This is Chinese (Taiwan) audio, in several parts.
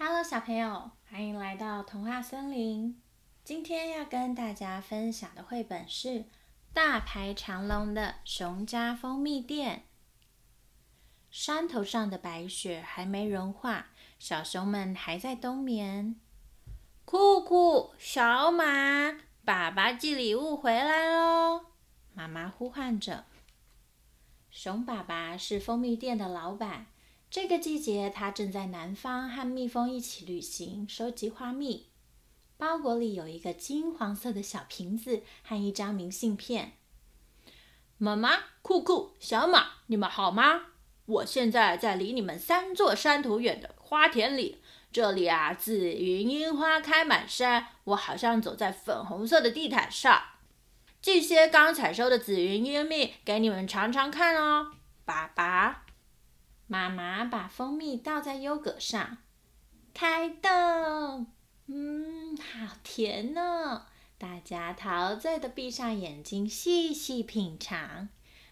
Hello，小朋友，歡迎來到童話森林。今天要跟大家分享的繪本是《大排長龍的熊家蜂蜜店》。山頭上的白雪還沒融化，小熊們還在冬眠。酷酷、小馬，爸爸寄禮物回來嘍！媽媽呼喚着。熊爸爸是蜂蜜店的老板。這個季節，它正在南方和蜜蜂一起旅行，收集花蜜。包裹裡有一個金黃色的小瓶子和一張明信片。媽媽、酷酷、小馬，你們好嗎？我現在在離你們三座山頭遠的花田裡。這裡啊，紫雲英花開滿山，我好像走在粉紅色的地毯上。這些剛採收的紫雲英蜜給你們嘗嘗看哦，爸爸。媽媽把蜂蜜倒在優格上，開動。嗯，好甜哦！大家陶醉地閉上眼睛，細細品嘗。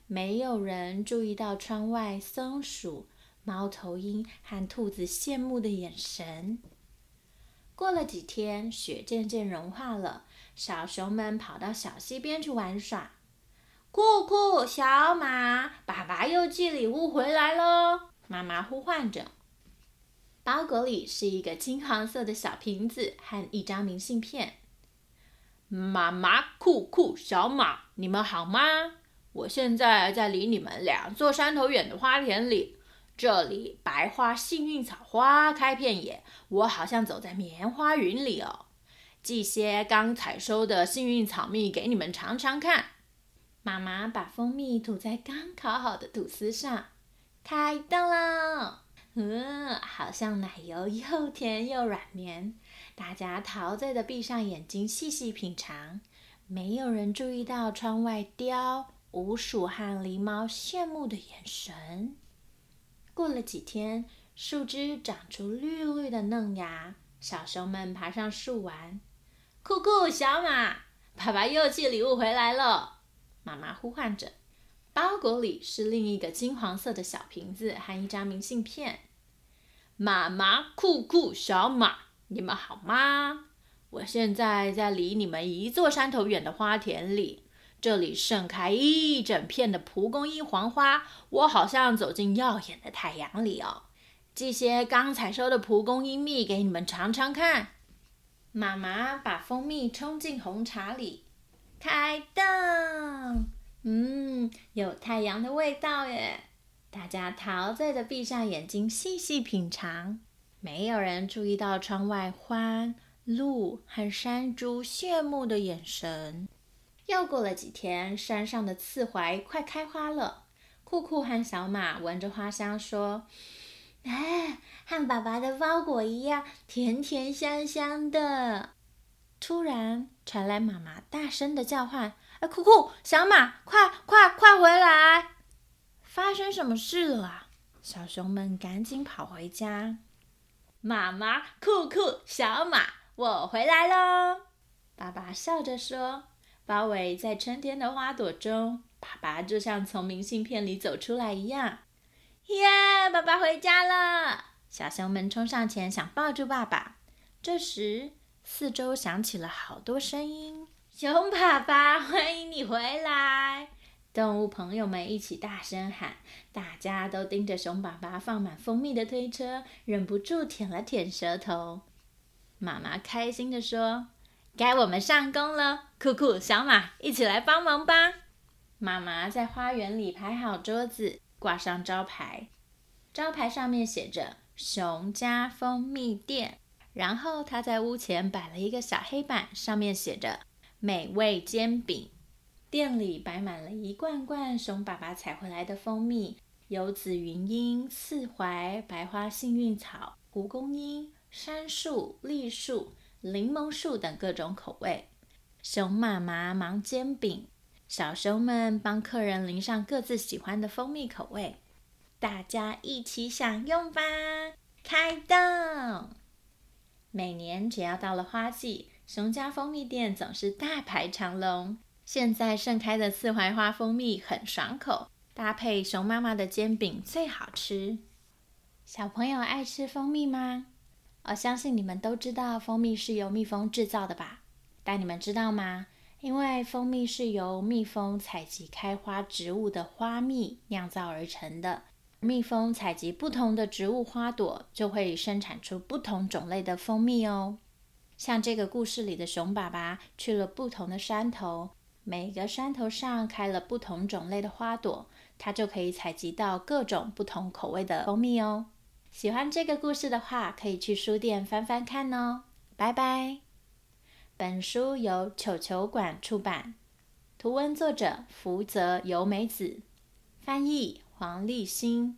沒有人注意到窗外松鼠、貓頭鷹和兔子羨慕的眼神。過了幾天，雪漸漸融化了，小熊們跑到小溪邊去玩耍。酷酷小馬，爸爸又寄禮物回來嘍！媽媽呼喚着，包裹裡是一個金黃色的小瓶子和一張明信片。媽媽，酷酷小馬，你們好嗎？我現在在離你們兩座山頭遠的花田裡，這裡白花幸運草花開遍野，我好像走在棉花雲裡哦。寄些剛採收的幸運草蜜給你們嘗嘗看。媽媽把蜂蜜塗在剛烤好的吐司上，開動啦！嗯，好像奶油又甜又軟綿。大家陶醉地閉上眼睛，細細品嘗。沒有人注意到窗外貂、鼯鼠和狸貓羨慕的眼神。過了幾天，樹枝長出綠綠的嫩芽，小熊們爬上樹玩。酷酷小馬，爸爸又寄禮物回來了。媽媽呼喚着，包裹裡是另一個金黃色的小瓶子和一張明信片。媽媽、酷酷、小馬，你們好嗎？我現在在離你們一座山頭遠的花田裡，這裡盛開一整片的蒲公英黃花，我好像走進耀眼的太陽裡哦。這些剛採收的蒲公英蜜給你們嘗嘗看。媽媽把蜂蜜沖進紅茶裡，開動。嗯，有太陽的味道耶！大家陶醉地閉上眼睛，細細品嘗。沒有人注意到窗外獾、鹿和山豬羨慕的眼神。又過了幾天，山上的刺槐快開花了。酷酷和小馬聞着花香說：“哎，和爸爸的包裹一樣，甜甜香香的。”突然傳來媽媽大聲的叫喚。哎，酷酷、小馬，快快快回來！發生什麼事了啊？小熊們趕緊跑回家。媽媽，酷酷小馬，我回來嘍！爸爸笑着說：“包圍在春天的花朵中，爸爸就像從明信片裡走出來一樣。”耶！爸爸回家了！小熊們衝上前想抱住爸爸。這時，四周響起了好多聲音。熊爸爸，歡迎你回來！動物朋友們一起大聲喊，大家都盯着熊爸爸放滿蜂蜜的推車，忍不住舔了舔舌頭。媽媽開心地說：“該我們上工了，酷酷小馬，一起來幫忙吧！”媽媽在花園裡排好桌子，掛上招牌，招牌上面寫着“熊家蜂蜜店”。然後她在屋前擺了一個小黑板，上面寫着。美味煎餅店裡擺滿了一罐罐，熊爸爸採回來的蜂蜜，有紫雲英、四槐、白花、幸運草、蒲公英、杉樹、栗樹、檸檬樹等各種口味。熊媽媽忙煎餅，小熊們幫客人淋上各自喜歡的蜂蜜口味，大家一起享用吧！開動！每年只要到了花季，熊家蜂蜜店總是大排長龍。現在盛開的刺槐花蜂蜜很爽口，搭配熊媽媽的煎餅最好吃。小朋友愛吃蜂蜜嗎？我相信你們都知道蜂蜜是由蜜蜂製造的吧？但你們知道嗎？因為蜂蜜是由蜜蜂採集開花植物的花蜜釀造而成的。蜜蜂採集不同的植物花朵，就會生產出不同種類的蜂蜜哦。像這個故事裡的熊爸爸去了不同的山頭，每個山頭上開了不同種類的花朵，它就可以採集到各種不同口味的蜂蜜哦。喜歡這個故事的話，可以去書店翻翻看哦。拜拜。本書由球球館出版，圖文作者福澤由美子，翻譯黃立忻。